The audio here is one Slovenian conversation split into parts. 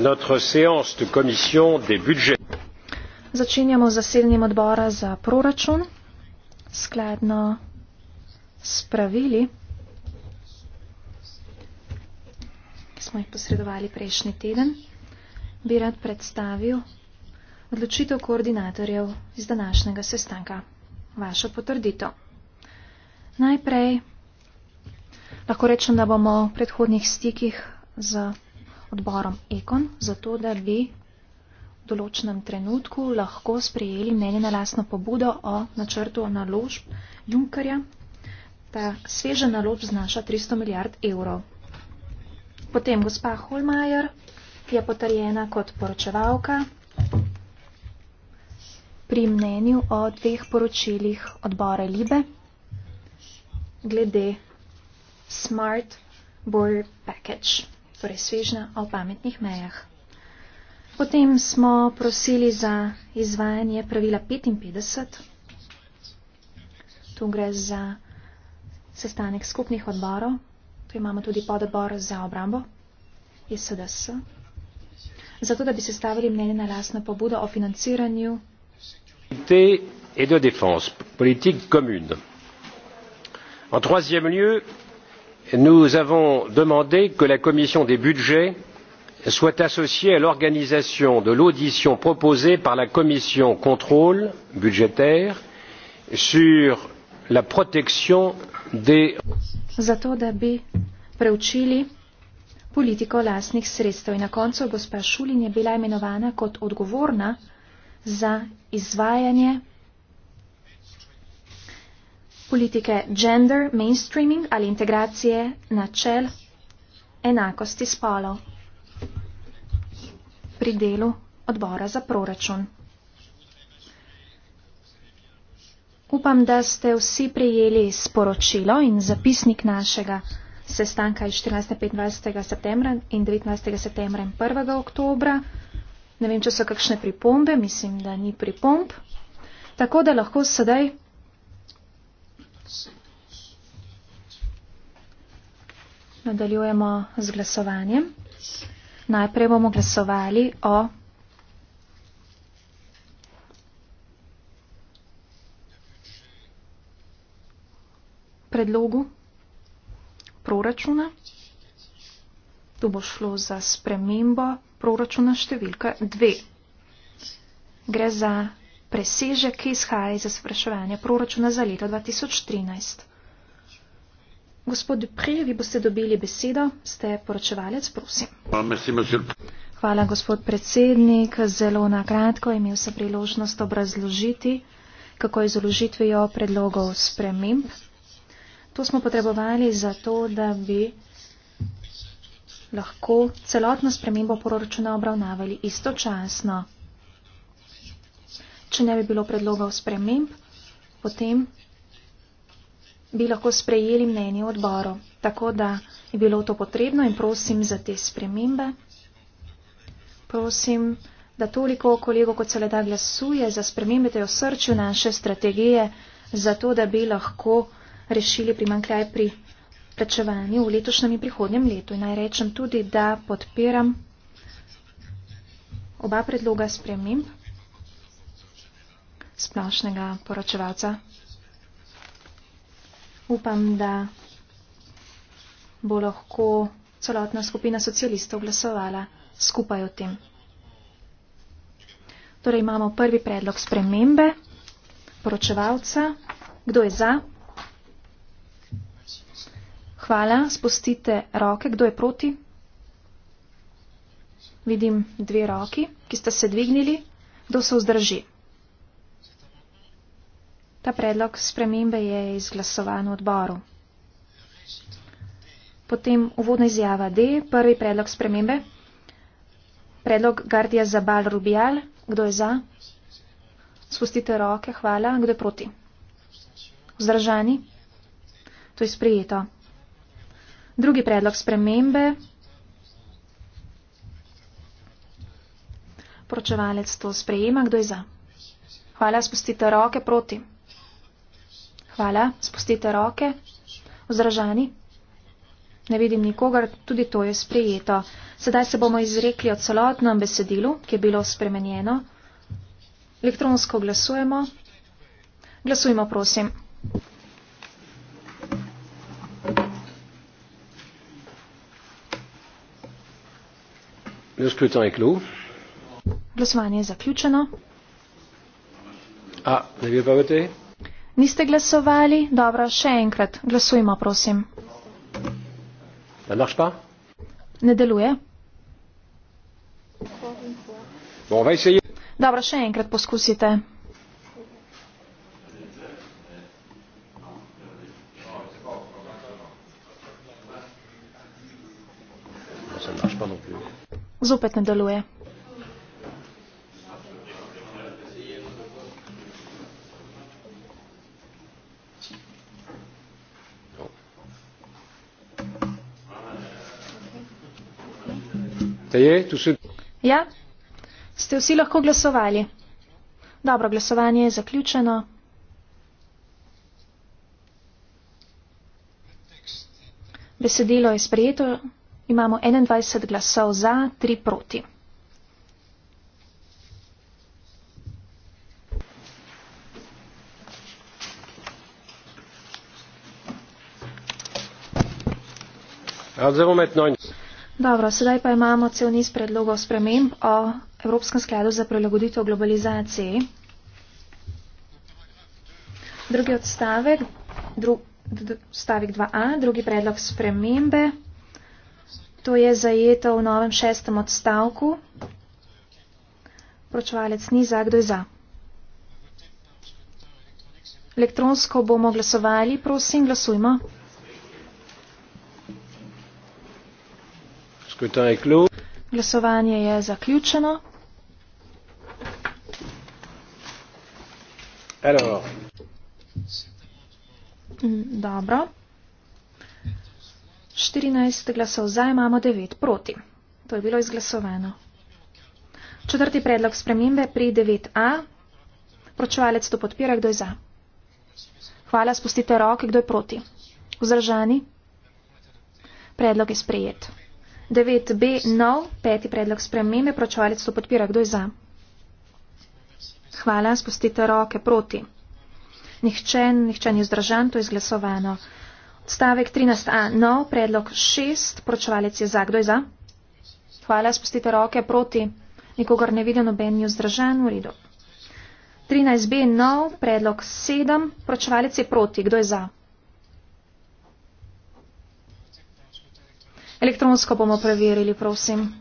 notre séance de commission des budgets. Začenjamo zasilnim odbora za proračun. Skladno s pravili, ki smo jih posredovali prejšnji teden, bi rad predstavil odločitev koordinatorjev iz današnjega sestanka. Vašo potrditev. Najprej lahko rečem, da bomo v predhodnih stikih z odborom Ekon, zato da bi v določenem trenutku lahko sprejeli mnenje na lasno pobudo o načrtu naložb Junkarja. Ta sveža naložb znaša 300 milijard evrov. Potem gospa Holmajer je potrjena kot poročevalka pri mnenju o dveh poročilih odbora Libe glede Smart Board Package torej svežna o pametnih mejah. Potem smo prosili za izvajanje pravila 55. Tu gre za sestanek skupnih odborov. Tu imamo tudi pododbor za obrambo SDS. E Zato, da bi se stavili mnenje na lasno pobudo o financiranju. Et de défense, politique commune. En troisième lieu, nous avons demandé que la commission des budgets soit associée à l'organisation de l'audition proposée par la commission du contrôle budgétaire sur la protection des. zato da bi preučili politiko lastnih sredstev in na koncu gospa šulin je bila imenovana kot odgovorna za izvajanje politike gender mainstreaming ali integracije načel enakosti spolov pri delu odbora za proračun. Upam, da ste vsi prijeli sporočilo in zapisnik našega sestanka iz 14. 25. septembra in 19. septembra in 1. oktobra. Ne vem, če so kakšne pripombe, mislim, da ni pripomb. Tako da lahko sedaj Nadaljujemo z glasovanjem. Najprej bomo glasovali o predlogu proračuna. Tu bo šlo za spremembo proračuna številka 2. Gre za presežek, ki izhaja iz izpraševanja proračuna za leto 2013. Gospod Dupri, vi boste dobili besedo, ste poročevalec, prosim. Ah, Hvala, gospod predsednik. Zelo na kratko imel sem priložnost obrazložiti, kako je z uložitvijo predlogov sprememb. To smo potrebovali zato, da bi lahko celotno spremembo proračuna obravnavali istočasno če ne bi bilo predlogov sprememb, potem bi lahko sprejeli mnenje odboro. Tako da je bilo to potrebno in prosim za te spremembe. Prosim, da toliko kolego, kot se le da glasuje, za spremembe te v srču naše strategije, zato da bi lahko rešili primankljaj pri plačevanju v letošnjem in prihodnjem letu. In naj rečem tudi, da podpiram oba predloga spremembe splošnega poročevalca. Upam, da bo lahko celotna skupina socialistov glasovala skupaj o tem. Torej imamo prvi predlog spremembe poročevalca. Kdo je za? Hvala, spustite roke. Kdo je proti? Vidim dve roki, ki ste se dvignili. Kdo se vzdrži? Ta predlog spremembe je izglasovan v odboru. Potem uvodna izjava D, prvi predlog spremembe. Predlog Gardija Zabal Rubijal. Kdo je za? Spustite roke, hvala. Kdo je proti? Vzdržani? To je sprijeto. Drugi predlog spremembe. Poročevalec to sprejema. Kdo je za? Hvala, spustite roke proti. Hvala. Spustite roke. Vzražani. Ne vidim nikogar, tudi to je sprejeto. Sedaj se bomo izrekli o celotnem besedilu, ki je bilo spremenjeno. Elektronsko glasujemo. Glasujmo, prosim. Glasovanje je zaključeno. A, ah, ne vi pa v tej? Niste glasovali? Dobro, še enkrat. Glasujmo, prosim. Ne deluje. Dobro, še enkrat poskusite. Zopet ne deluje. Ja, ste vsi lahko glasovali? Dobro, glasovanje je zaključeno. Besedilo je sprejeto. Imamo 21 glasov za, 3 proti. Zdaj bomo imeti noč. Dobro, sedaj pa imamo cel niz predlogov sprememb o Evropskem skladu za prilagoditev globalizaciji. Drugi odstavek, dru, stavek 2a, drugi predlog spremembe, to je zajeto v novem šestem odstavku. Pročevalec ni za, kdo je za. Elektronsko bomo glasovali, prosim, glasujmo. Glasovanje je zaključeno. Mm, dobro. 14 glasov za imamo 9 proti. To je bilo izglasovano. Četrti predlog spremembe pri 9a. Pročevalec to podpira, kdo je za. Hvala, spustite roke, kdo je proti. Vzdržani. Predlog je sprejet. 9b nov, peti predlog spremembe, pročovalec to podpira. Kdo je za? Hvala, spustite roke proti. Nihče, nihče ni zdržan, to je izglasovano. Stavek 13a nov, predlog 6, pročovalec je za. Kdo je za? Hvala, spustite roke proti. Nikogar ne vidim, noben ni zdržan, v redu. 13b nov, predlog 7, pročovalec je proti. Kdo je za? Elektronsko bomo preverili, prosim.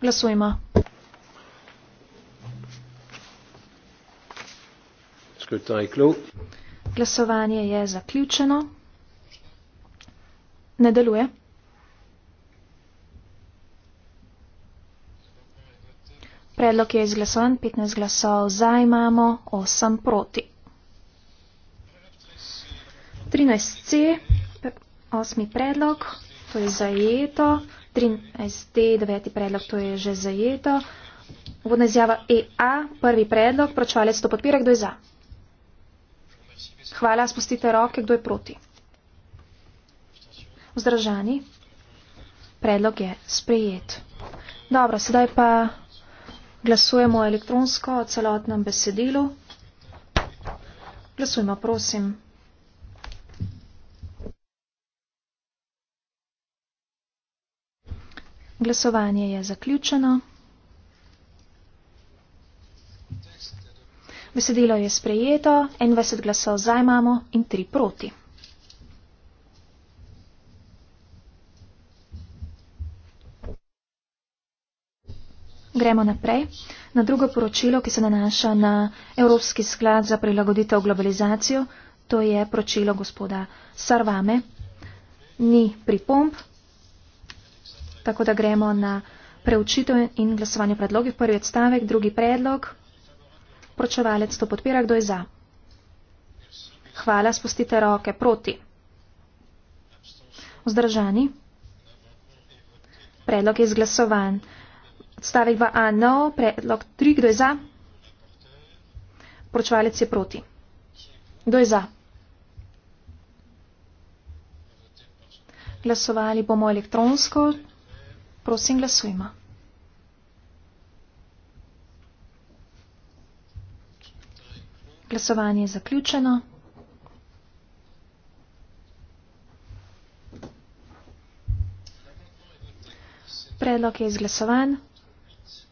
Glasujmo. Glasovanje je zaključeno. Ne deluje. Predlog je izglasovan, 15 glasov za imamo, 8 proti. 13C, osmi predlog, to je zajeto. 13D, deveti predlog, to je že zajeto. Vodna izjava EA, prvi predlog, pročvalec to podpira, kdo je za? Hvala, spustite roke, kdo je proti? Vzdržani. Predlog je sprejet. Dobro, sedaj pa glasujemo elektronsko o celotnem besedilu. Glasujmo, prosim. Glasovanje je zaključeno. Besedilo je sprejeto, 21 glasov za imamo in 3 proti. Gremo naprej na drugo poročilo, ki se nanaša na Evropski sklad za prilagoditev globalizacijo. To je poročilo gospoda Sarvame. Ni pripomp, Tako da gremo na preučitev in glasovanje predlogih. Prvi odstavek, drugi predlog. Pročevalec to podpira, kdo je za? Hvala, spustite roke proti. Vzdržani. Predlog je izglasovan. Odstavek 2a, no, predlog 3, kdo je za? Pročevalec je proti. Kdo je za? Glasovali bomo elektronsko. Prosim, glasujmo. Glasovanje je zaključeno. Predlog je izglasovan.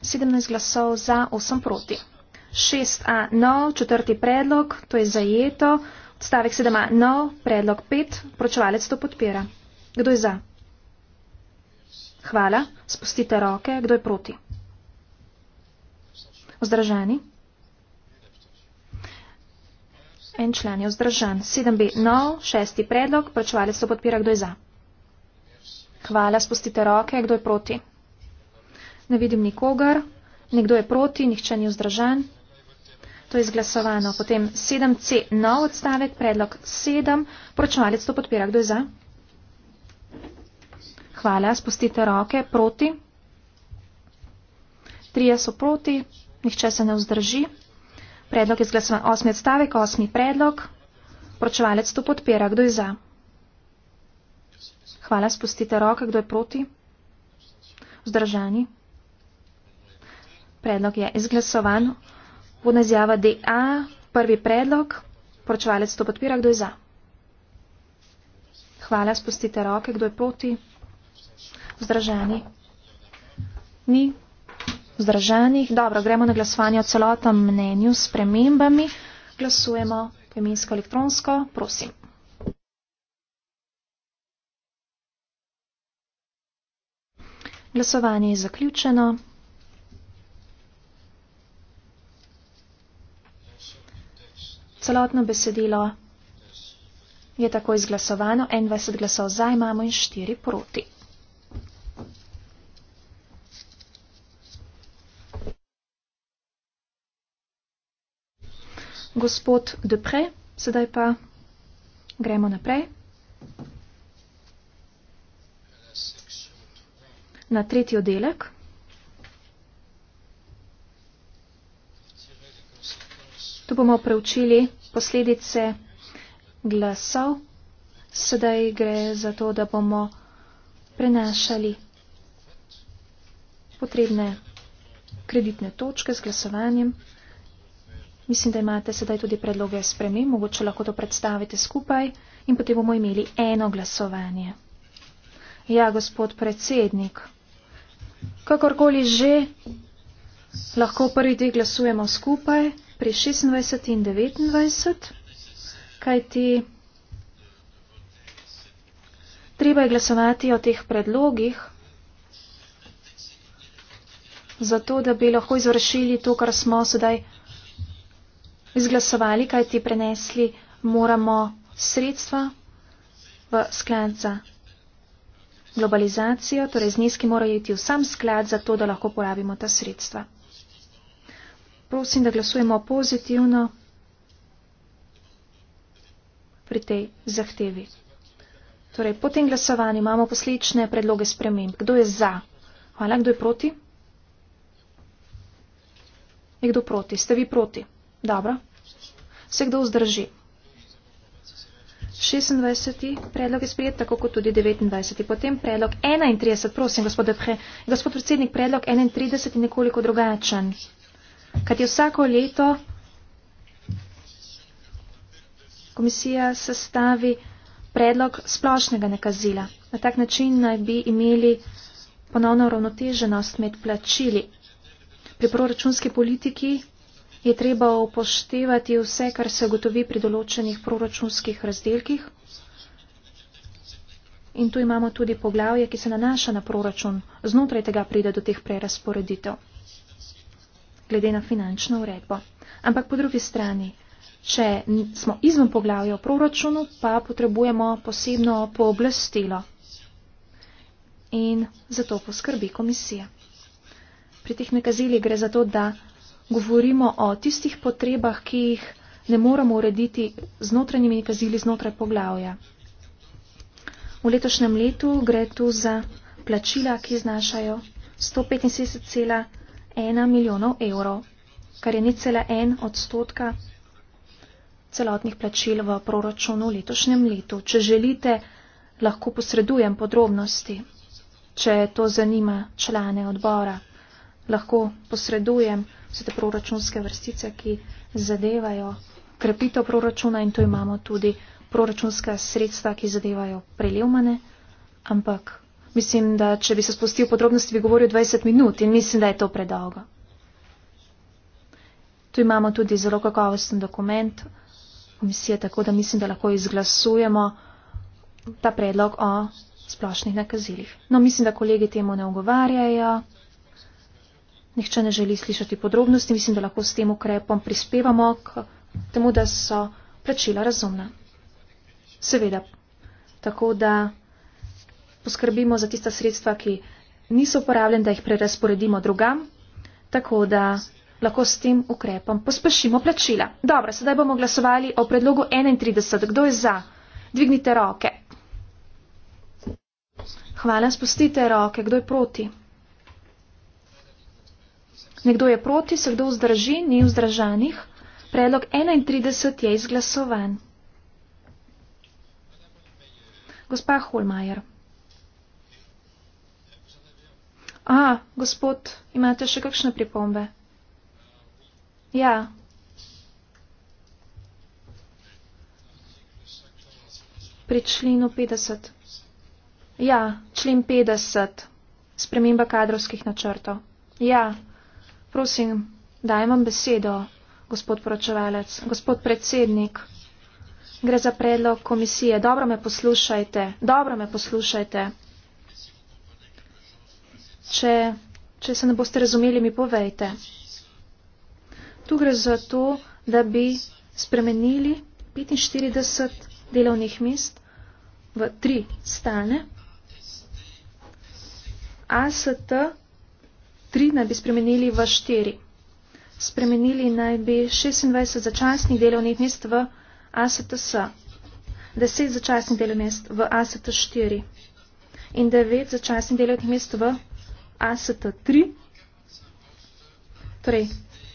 17 glasov za, 8 proti. 6a nov, četrti predlog, to je zajeto. Odstavek 7a nov, predlog 5, pročevalec to podpira. Kdo je za? Hvala. Spustite roke. Kdo je proti? Vzdraženi. En člen je vzdržen. 7B nov, šesti predlog, plačevali se podpira, kdo je za. Hvala, spustite roke, kdo je proti. Ne vidim nikogar, nekdo je proti, nihče ni vzdržen. To je izglasovano. Potem 7C nov odstavek, predlog 7, plačevali se podpira, kdo je za hvala. Spustite roke proti. Trije so proti, nihče se ne vzdrži. Predlog je zglasovan. Osmi odstavek, osmi predlog. Pročevalec to podpira. Kdo je za? Hvala. Spustite roke. Kdo je proti? Vzdržani. Predlog je izglasovan. Vodna izjava DA, prvi predlog. Poročevalec to podpira. Kdo je za? Hvala. Spustite roke. Kdo je proti? Vzdržani? Ni? Vzdržanih? Dobro, gremo na glasovanje o celotnem mnenju s premembami. Glasujemo pojmensko elektronsko. Prosim. Glasovanje je zaključeno. Celotno besedilo je tako izglasovano. 21 glasov za imamo in 4 proti. gospod Depre, sedaj pa gremo naprej. Na tretji oddelek. Tu bomo preučili posledice glasov. Sedaj gre za to, da bomo prenašali potrebne kreditne točke z glasovanjem. Mislim, da imate sedaj tudi predloge spremi, mogoče lahko to predstavite skupaj in potem bomo imeli eno glasovanje. Ja, gospod predsednik, kakorkoli že, lahko prvi dve glasujemo skupaj pri 26 in 29, kajti treba je glasovati o teh predlogih. Zato, da bi lahko izvršili to, kar smo sedaj izglasovali, kaj ti prenesli, moramo sredstva v sklad za globalizacijo, torej zneski morajo iti v sam sklad za to, da lahko porabimo ta sredstva. Prosim, da glasujemo pozitivno pri tej zahtevi. Torej, po tem glasovanju imamo poslične predloge sprememb. Kdo je za? Hvala, kdo je proti? Je kdo proti? Ste vi proti? Dobro. Se kdo vzdrži? 26. predlog je sprijet, tako kot tudi 29. Potem predlog 31. Prosim, gospod, Depre, gospod predsednik, predlog 31 je nekoliko drugačen. Kaj je vsako leto komisija sestavi predlog splošnega nekazila. Na tak način naj bi imeli ponovno ravnoteženost med plačili. Pri proračunski politiki je treba upoštevati vse, kar se gotovi pri določenih proračunskih razdelkih. In tu imamo tudi poglavje, ki se nanaša na proračun. Znotraj tega pride do teh prerasporeditev, glede na finančno uredbo. Ampak po drugi strani, če smo izven poglavja o proračunu, pa potrebujemo posebno pooblastilo. In za to poskrbi komisija. Pri teh nakazili gre za to, da govorimo o tistih potrebah, ki jih ne moramo urediti z notranjimi kazili znotraj poglavja. V letošnjem letu gre tu za plačila, ki znašajo 165,1 milijonov evrov, kar je necela en odstotka celotnih plačil v proračunu v letošnjem letu. Če želite, lahko posredujem podrobnosti, če to zanima člane odbora. Lahko posredujem podrobnosti so te proračunske vrstice, ki zadevajo krepitev proračuna in tu imamo tudi proračunska sredstva, ki zadevajo prelevmane, ampak mislim, da če bi se spustil podrobnosti, bi govoril 20 minut in mislim, da je to predolgo. Tu imamo tudi zelo kakovosten dokument komisije, tako da mislim, da lahko izglasujemo ta predlog o splošnih nakazilih. No, mislim, da kolegi temu ne ogovarjajo nihče ne želi slišati podrobnosti. Mislim, da lahko s tem ukrepom prispevamo k temu, da so plačila razumna. Seveda. Tako da poskrbimo za tista sredstva, ki niso uporabljena, da jih prerasporedimo drugam, tako da lahko s tem ukrepom pospešimo plačila. Dobro, sedaj bomo glasovali o predlogu 31. Kdo je za? Dvignite roke. Hvala, spustite roke. Kdo je proti? nekdo je proti, se kdo vzdrži, ni vzdržanih. Predlog 31 je izglasovan. Gospa Holmajer. A, gospod, imate še kakšne pripombe? Ja. Pri členu 50. Ja, člen 50. Sprememba kadrovskih načrtov. Ja. Prosim, da imam besedo, gospod poročevalec, gospod predsednik. Gre za predlog komisije. Dobro me poslušajte, dobro me poslušajte. Če, če se ne boste razumeli, mi povejte. Tu gre za to, da bi spremenili 45 delovnih mest v tri stalne. AST 3 naj bi spremenili v 4. Spremenili naj bi 26 začasnih delovnih mest v ASTS, 10 začasnih delovnih mest v AST4 in 9 začasnih delovnih mest v AST3. Torej,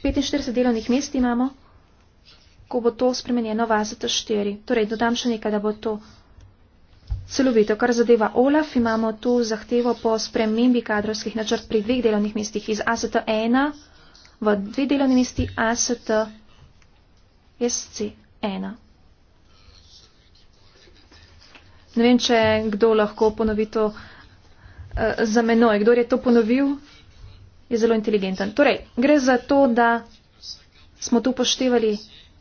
45 delovnih mest imamo, ko bo to spremenjeno v AST4. Torej, dodam še nekaj, da bo to celovito. Kar zadeva OLAF, imamo tu zahtevo po spremembi kadrovskih načrt pri dveh delovnih mestih iz AST1 v dve delovni mesti AST e SC1. Ne vem, če kdo lahko ponovi to uh, za menoj. Kdo je to ponovil, je zelo inteligenten. Torej, gre za to, da smo tu poštevali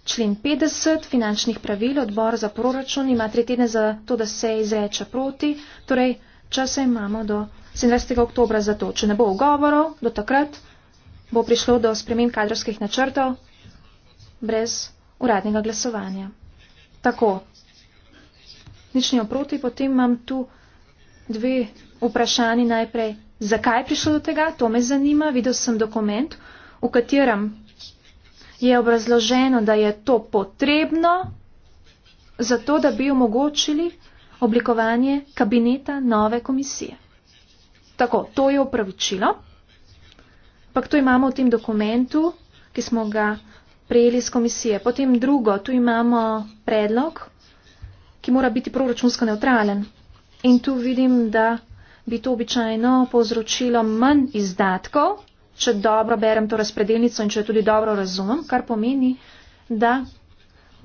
člen 50 finančnih pravil odbor za proračun ima tri tedne za to, da se izreče proti, torej časa imamo do 17. oktobra za to. Če ne bo ugovorov, do takrat bo prišlo do sprememb kadrovskih načrtov brez uradnega glasovanja. Tako, nič ni oproti, potem imam tu dve vprašanje najprej. Zakaj je prišlo do tega? To me zanima. Videl sem dokument, v katerem je obrazloženo, da je to potrebno, zato da bi omogočili oblikovanje kabineta nove komisije. Tako, to je opravičilo, pa to imamo v tem dokumentu, ki smo ga prejeli iz komisije. Potem drugo, tu imamo predlog, ki mora biti proračunsko neutralen. In tu vidim, da bi to običajno povzročilo manj izdatkov, če dobro berem to razpredelnico in če jo tudi dobro razumem, kar pomeni, da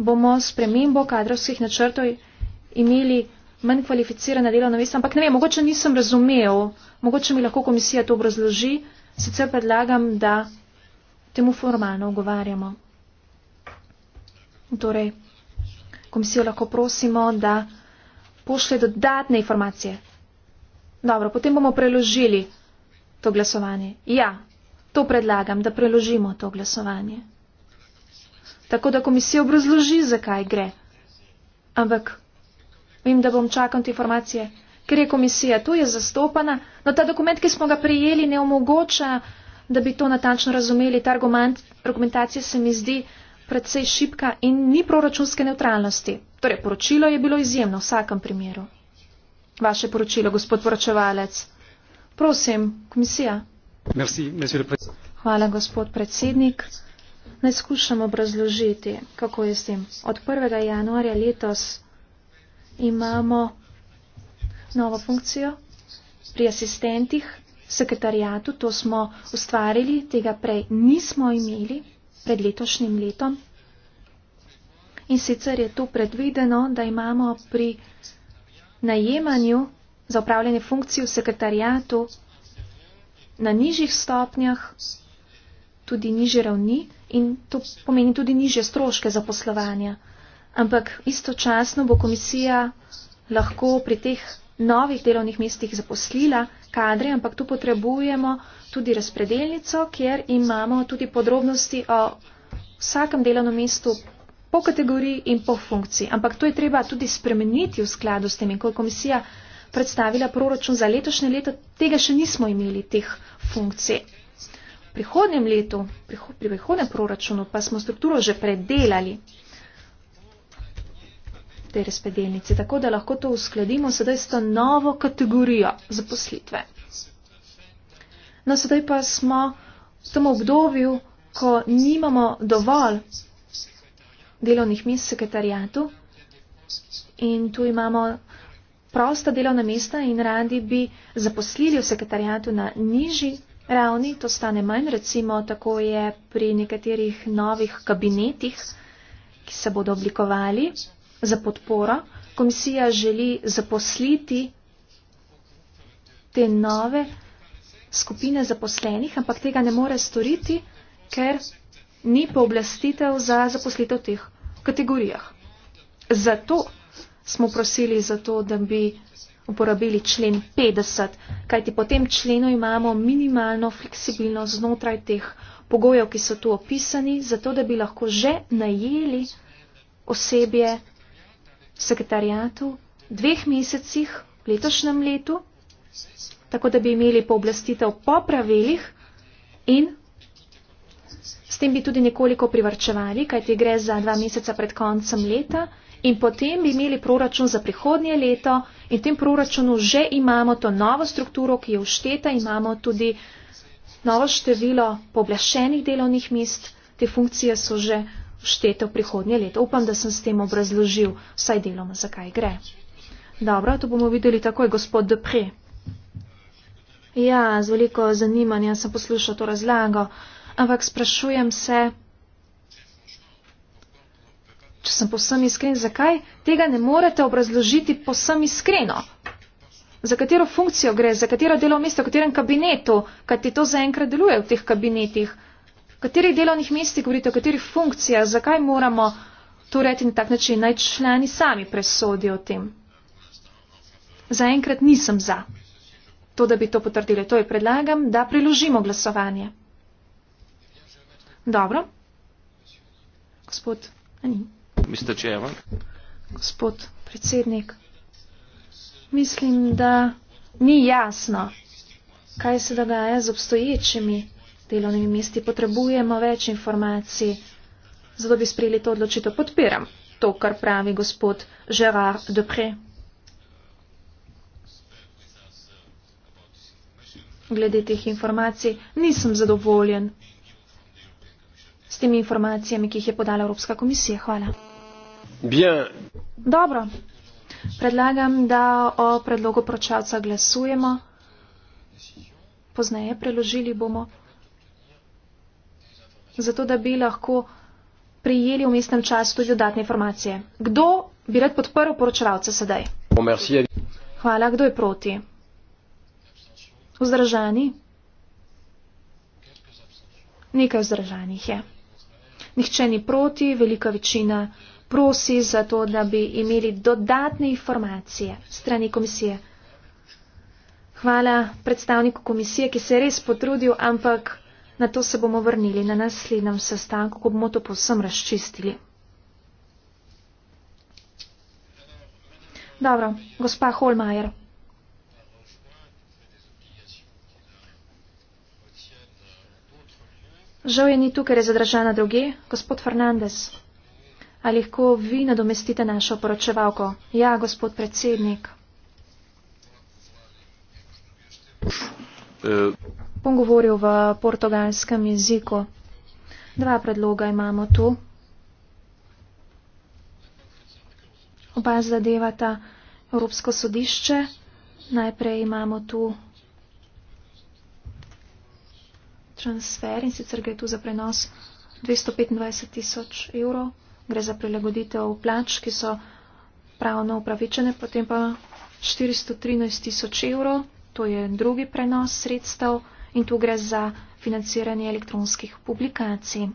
bomo spremembo kadrovskih načrtov imeli manj kvalificirane delovne mesta. Ampak ne vem, mogoče nisem razumel, mogoče mi lahko komisija to obrazloži, sicer predlagam, da temu formalno ogovarjamo. Torej, komisijo lahko prosimo, da pošlje dodatne informacije. Dobro, potem bomo preložili to glasovanje. Ja, To predlagam, da preložimo to glasovanje. Tako da komisija obrazloži, zakaj gre. Ampak vem, da bom čakal te informacije, ker je komisija tu je zastopana, no ta dokument, ki smo ga prijeli, ne omogoča, da bi to natančno razumeli. Ta argument, argumentacija se mi zdi predvsej šipka in ni proračunske neutralnosti. Torej, poročilo je bilo izjemno v vsakem primeru. Vaše poročilo, gospod poročevalec. Prosim, komisija. Hvala, gospod predsednik. Naj skušam obrazložiti, kako je s tem. Od 1. januarja letos imamo novo funkcijo pri asistentih, sekretarijatu, to smo ustvarili, tega prej nismo imeli pred letošnjim letom. In sicer je to predvideno, da imamo pri najemanju za upravljanje funkcij v sekretarijatu na nižjih stopnjah, tudi nižje ravni in to pomeni tudi nižje stroške za poslovanje. Ampak istočasno bo komisija lahko pri teh novih delovnih mestih zaposlila kadre, ampak tu potrebujemo tudi razpredelnico, kjer imamo tudi podrobnosti o vsakem delovnem mestu po kategoriji in po funkciji. Ampak to je treba tudi spremeniti v skladu s tem, ko je komisija predstavila proračun za letošnje leto, tega še nismo imeli, teh funkcij. V prihodnjem letu, pri prihodnem proračunu, pa smo strukturo že predelali te razpedelnice, tako da lahko to uskladimo sedaj s to novo kategorijo zaposlitve. No, sedaj pa smo v tem obdobju, ko nimamo dovolj delovnih mest v sekretarijatu in tu imamo prosta delovna mesta in radi bi zaposlili v sekretarijatu na nižji ravni, to stane manj, recimo tako je pri nekaterih novih kabinetih, ki se bodo oblikovali za podporo. Komisija želi zaposliti te nove skupine zaposlenih, ampak tega ne more storiti, ker ni pooblastitev za zaposlitev v teh kategorijah. Zato smo prosili za to, da bi uporabili člen 50, kajti po tem členu imamo minimalno fleksibilnost znotraj teh pogojev, ki so tu opisani, zato da bi lahko že najeli osebje sekretarijatu dveh mesecih v letošnjem letu, tako da bi imeli pooblastitev po pravilih in s tem bi tudi nekoliko privrčevali, kajti gre za dva meseca pred koncem leta in potem bi imeli proračun za prihodnje leto in v tem proračunu že imamo to novo strukturo, ki je všteta, imamo tudi novo število poblašenih delovnih mest, te funkcije so že všteta v prihodnje leto. Upam, da sem s tem obrazložil vsaj deloma, zakaj gre. Dobro, to bomo videli takoj, gospod Depre. Ja, z veliko zanimanja sem poslušal to razlago, ampak sprašujem se, če sem posem iskren, zakaj tega ne morete obrazložiti posem iskreno? Za katero funkcijo gre, za katero delo mesto, v katerem kabinetu, kaj ti to zaenkrat deluje v teh kabinetih? Kateri delovnih mesti govorite, o kateri funkcija, zakaj moramo to reči na tak način, naj člani sami presodijo o tem. Zaenkrat nisem za to, da bi to potrdili. To je predlagam, da priložimo glasovanje. Dobro. Gospod Anin. Gospod predsednik, mislim, da ni jasno, kaj se dogaja z obstoječimi delovnimi mesti. Potrebujemo več informacij, zato bi sprejeli to odločitev. Podpiram to, kar pravi gospod Gerard Depre. Glede teh informacij nisem zadovoljen s temi informacijami, ki jih je podala Evropska komisija. Hvala. Bien. Dobro. Predlagam, da o predlogu pročaca glasujemo. Pozneje preložili bomo. Zato, da bi lahko prijeli v mestnem času tudi dodatne informacije. Kdo bi rad podprl poročevalce sedaj? Hvala, kdo je proti? Vzdržani? Nekaj vzdržanih je. Nihče ni proti, velika večina prosi za to, da bi imeli dodatne informacije strani komisije. Hvala predstavniku komisije, ki se je res potrudil, ampak na to se bomo vrnili na naslednjem sestanku, ko bomo to povsem razčistili. Dobro, gospa Holmajer. Žal je ni tukaj, ker je zadržana drugi. Gospod Fernandez. Ali lahko vi nadomestite našo poročevalko? Ja, gospod predsednik. Bom govoril v portugalskem jeziku. Dva predloga imamo tu. Oba zadevata Evropsko sodišče. Najprej imamo tu transfer in sicer gre tu za prenos 225 tisoč evrov gre za prilagoditev plač, ki so pravno upravičene, potem pa 413 tisoč evrov, to je drugi prenos sredstev in tu gre za financiranje elektronskih publikacij.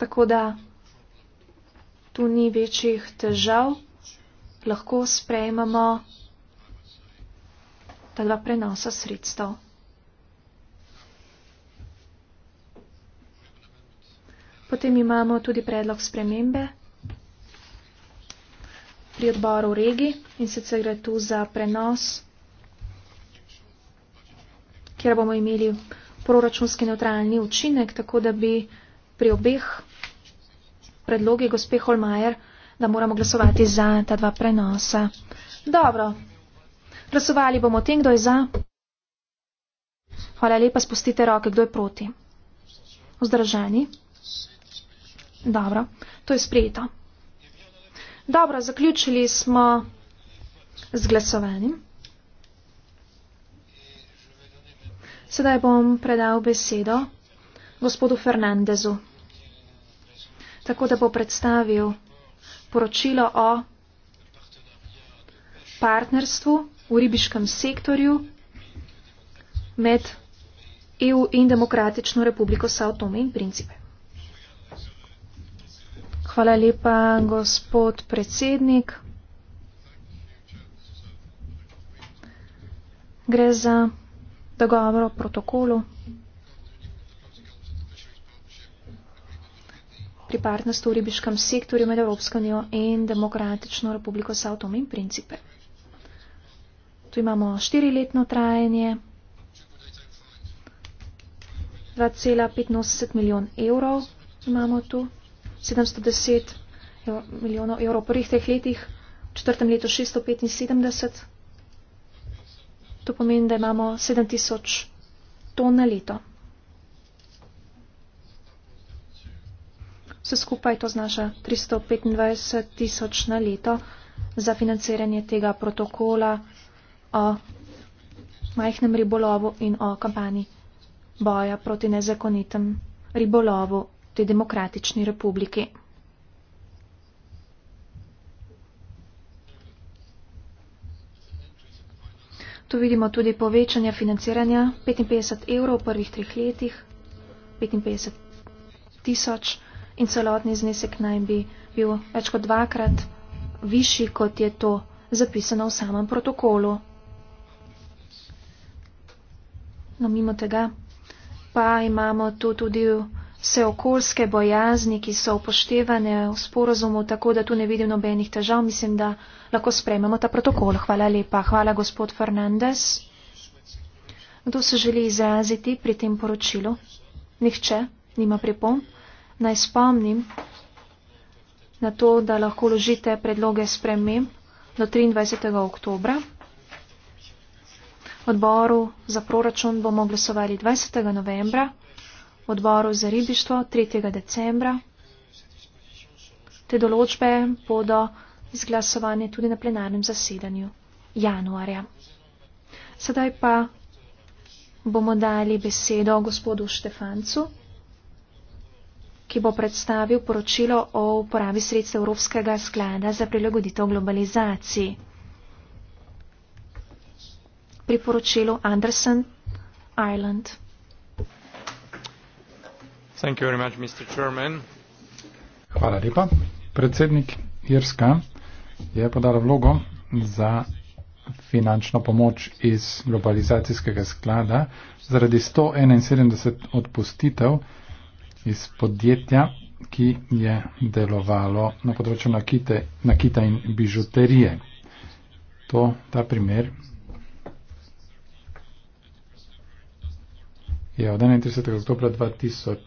Tako da tu ni večjih težav, lahko sprejmemo ta dva prenosa sredstev. Potem imamo tudi predlog spremembe pri odboru regi in sicer gre tu za prenos, kjer bomo imeli proračunski neutralni učinek, tako da bi pri obeh predlogi gospe Holmajer, da moramo glasovati za ta dva prenosa. Dobro, glasovali bomo tem, kdo je za. Hvala lepa, spustite roke, kdo je proti. Vzdržani. Dobro, to je sprejeta. Dobro, zaključili smo z glasovanjem. Sedaj bom predal besedo gospodu Fernandezu, tako da bo predstavil poročilo o partnerstvu v ribiškem sektorju med EU in Demokratično republiko Sao Tome in Principe. Hvala lepa, gospod predsednik. Gre za dogovor o protokolu pri partnerstvu v ribiškem sektorju med Evropsko unijo in Demokratično republiko Savtom in Principe. Tu imamo štiriletno trajanje, 2,85 milijon evrov imamo tu. 710 milijonov evrov v prvih teh letih, v četrtem letu 675. To pomeni, da imamo 7000 ton na leto. Vse skupaj to znaša 325 tisoč na leto za financiranje tega protokola o majhnem ribolovu in o kampanji boja proti nezakonitem ribolovu te demokratične republike. Tu vidimo tudi povečanje financiranja 55 evrov v prvih treh letih, 55 tisoč in celotni znesek naj bi bil več kot dvakrat višji, kot je to zapisano v samem protokolu. No, mimo tega pa imamo tu tudi vse okoljske bojazni, ki so upoštevane v sporozumu, tako da tu ne vidim nobenih težav. Mislim, da lahko sprejmemo ta protokol. Hvala lepa. Hvala, gospod Fernandez. Kdo se želi izraziti pri tem poročilu? Nihče, nima pripom. Naj spomnim na to, da lahko ložite predloge sprememb do 23. oktobra. Odboru za proračun bomo glasovali 20. novembra odboru za ribištvo 3. decembra. Te določbe bodo izglasovane tudi na plenarnem zasedanju januarja. Sedaj pa bomo dali besedo gospodu Štefancu, ki bo predstavil poročilo o uporabi sredstev Evropskega sklada za prilagoditev globalizaciji. Priporočilo Anderson Island. Hvala lepa. Predsednik Irska je podal vlogo za finančno pomoč iz globalizacijskega sklada zaradi 171 odpustitev iz podjetja, ki je delovalo na področju nakite, nakita in bižuterije. To, ta primer je ja, od 31. oktobra 2013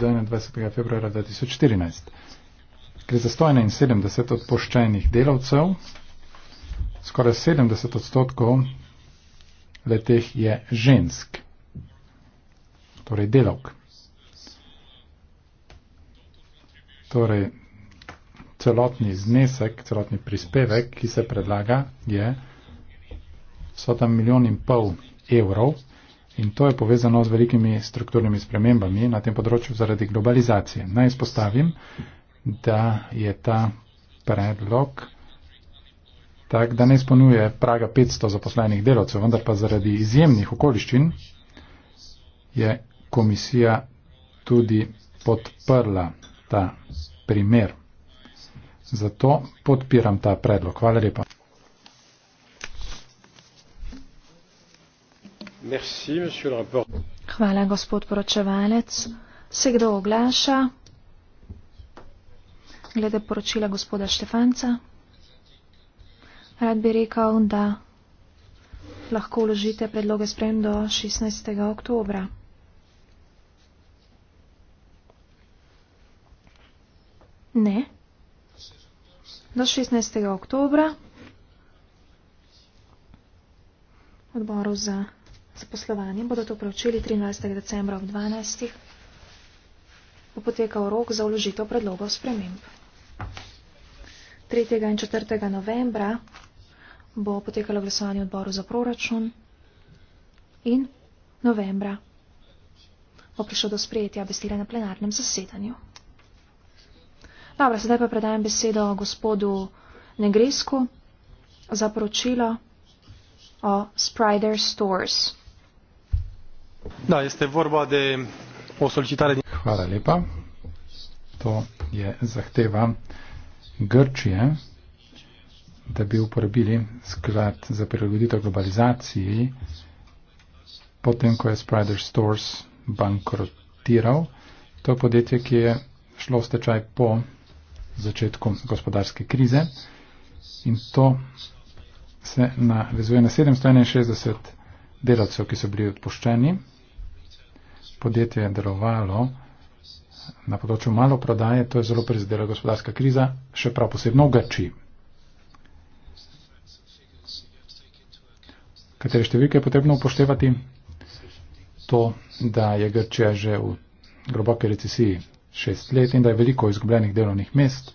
do 21. februara 2014. Gre za 171 odpoščajnih delavcev, skoraj 70 odstotkov le teh je žensk, torej delavk. Torej, celotni znesek, celotni prispevek, ki se predlaga, je so tam milijon in pol evrov, In to je povezano z velikimi strukturnimi spremembami na tem področju zaradi globalizacije. Naj spostavim, da je ta predlog tak, da ne izpolnjuje praga 500 zaposlenih delovcev, vendar pa zaradi izjemnih okoliščin je komisija tudi podprla ta primer. Zato podpiram ta predlog. Hvala lepa. Hvala, gospod poročevalec. Se kdo oglaša? Glede poročila gospoda Štefanca. Rad bi rekel, da lahko vložite predloge sprem do 16. oktobra. Ne. Do 16. oktobra odboru za zaposlovanje. Bodo to preučili 13. decembra ob 12. bo potekal rok za uložitev predlogov sprememb. 3. in 4. novembra bo potekalo glasovanje odboru za proračun in novembra bo prišlo do sprejetja besedila na plenarnem zasedanju. Dobro, sedaj pa predajam besedo gospodu Negresku za poročilo o Sprider Stores. Da, este vorba de o solicitare din... Hvala lepa. To je zahteva Grčije, da bi uporabili sklad za prilagoditev globalizaciji, potem, ko je Sprider Stores bankrotiral. To je podjetje, ki je šlo v stečaj po začetku gospodarske krize in to se navezuje na 761 delavcev, ki so bili odpuščeni, podjetje delovalo na področju malo prodaje, to je zelo prizadela gospodarska kriza, še prav posebno v Grči. Katere številke je potrebno upoštevati? To, da je Grčija že v globoke recesiji šest let in da je veliko izgubljenih delovnih mest,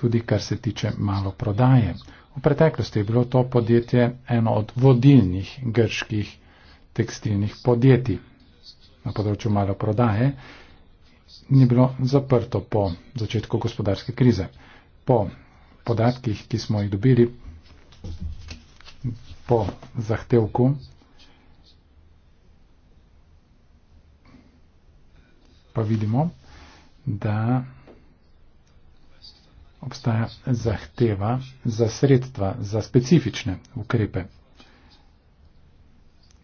tudi kar se tiče malo prodaje. V preteklosti je bilo to podjetje eno od vodilnih grških tekstilnih podjetij na področju malo prodaje, ni bilo zaprto po začetku gospodarske krize. Po podatkih, ki smo jih dobili po zahtevku, pa vidimo, da obstaja zahteva za sredstva, za specifične ukrepe.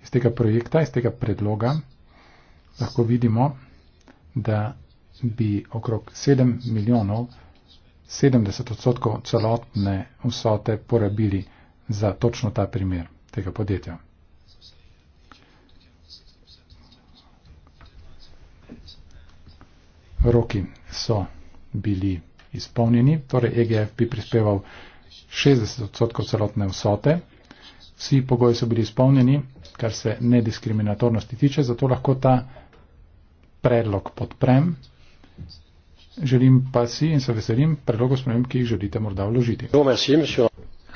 Iz tega projekta, iz tega predloga lahko vidimo, da bi okrog 7 milijonov 70 odstotkov celotne vsote porabili za točno ta primer tega podjetja. Roki so bili izpolnjeni, torej EGF bi prispeval 60 odstotkov celotne vsote. Vsi pogoji so bili izpolnjeni, kar se nediskriminatornosti tiče, zato lahko ta predlog podprem, želim pa si in se veselim predlogov sprememb, ki jih želite morda vložiti.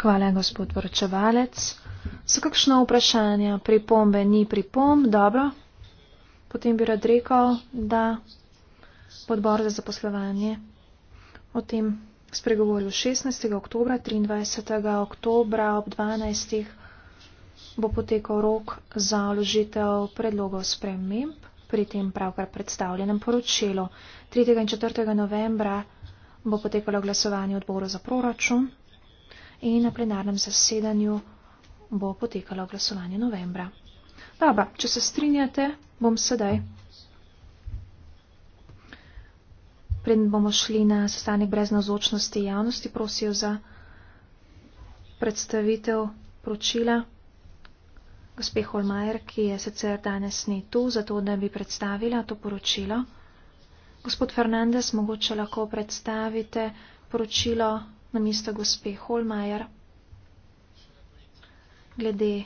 Hvala, gospod vrčevalec. So kakšno vprašanje? Pripombe ni pripomb, dobro. Potem bi rad rekel, da podbor za zaposlovanje o tem spregovoril 16. oktober, 23. oktober ob 12. bo potekal rok za vložitev predlogov spremembe pri tem pravkar predstavljenem poročilu. 3. in 4. novembra bo potekalo glasovanje odboru za proračun in na plenarnem zasedanju bo potekalo glasovanje novembra. Dobro, če se strinjate, bom sedaj. Preden bomo šli na sestanek brez nazočnosti javnosti, prosil za predstavitev pročila gospe Holmajer, ki je sicer danes ni tu, zato da bi predstavila to poročilo. Gospod Fernandez, mogoče lahko predstavite poročilo na mesto gospe Holmajer glede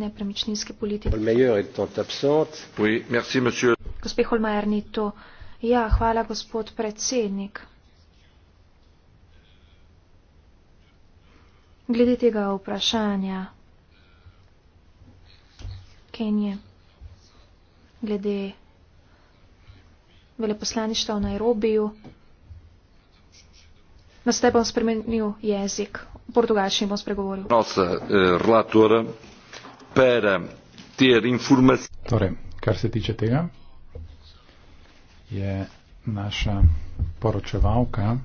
nepremičninske politike. Oui, gospe Holmajer ni tu. Ja, hvala, gospod predsednik. Glede tega vprašanja, Kenije, glede veleposlaništva v Nairobiju. Na ste bom spremenil jezik, v portugalščini bom spregovoril. Nosa, eh, relator, pere, tier informacije. Torej, kar se tiče tega, je naša poročevalka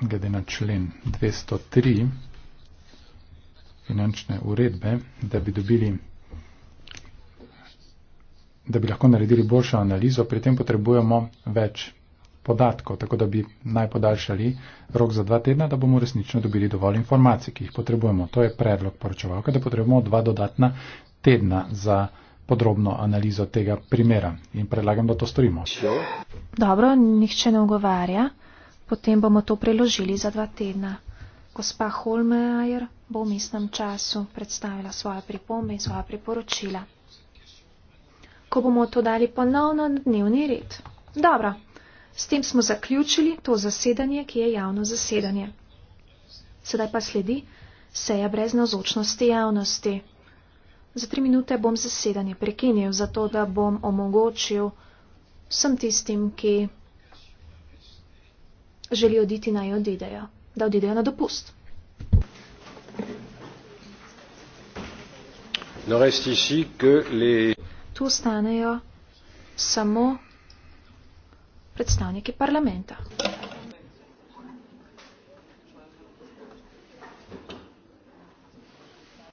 glede na člen 203 finančne uredbe, da bi dobili da bi lahko naredili boljšo analizo, pri tem potrebujemo več podatkov, tako da bi naj podaljšali rok za dva tedna, da bomo resnično dobili dovolj informacij, ki jih potrebujemo. To je predlog poročevalka, da potrebujemo dva dodatna tedna za podrobno analizo tega primera in predlagam, da to storimo. Dobro, nihče ne ogovarja, potem bomo to preložili za dva tedna. Gospa Holmeier bo v mestnem času predstavila svoje pripombe in svoje priporočila. Ko bomo to dali ponovno na dnevni red. Dobro, s tem smo zaključili to zasedanje, ki je javno zasedanje. Sedaj pa sledi seja brez navzočnosti javnosti. Za tri minute bom zasedanje prekinil, zato da bom omogočil vsem tistim, ki želijo oditi, naj odidejo da odidejo na dopust. Tu ostanejo samo predstavniki parlamenta.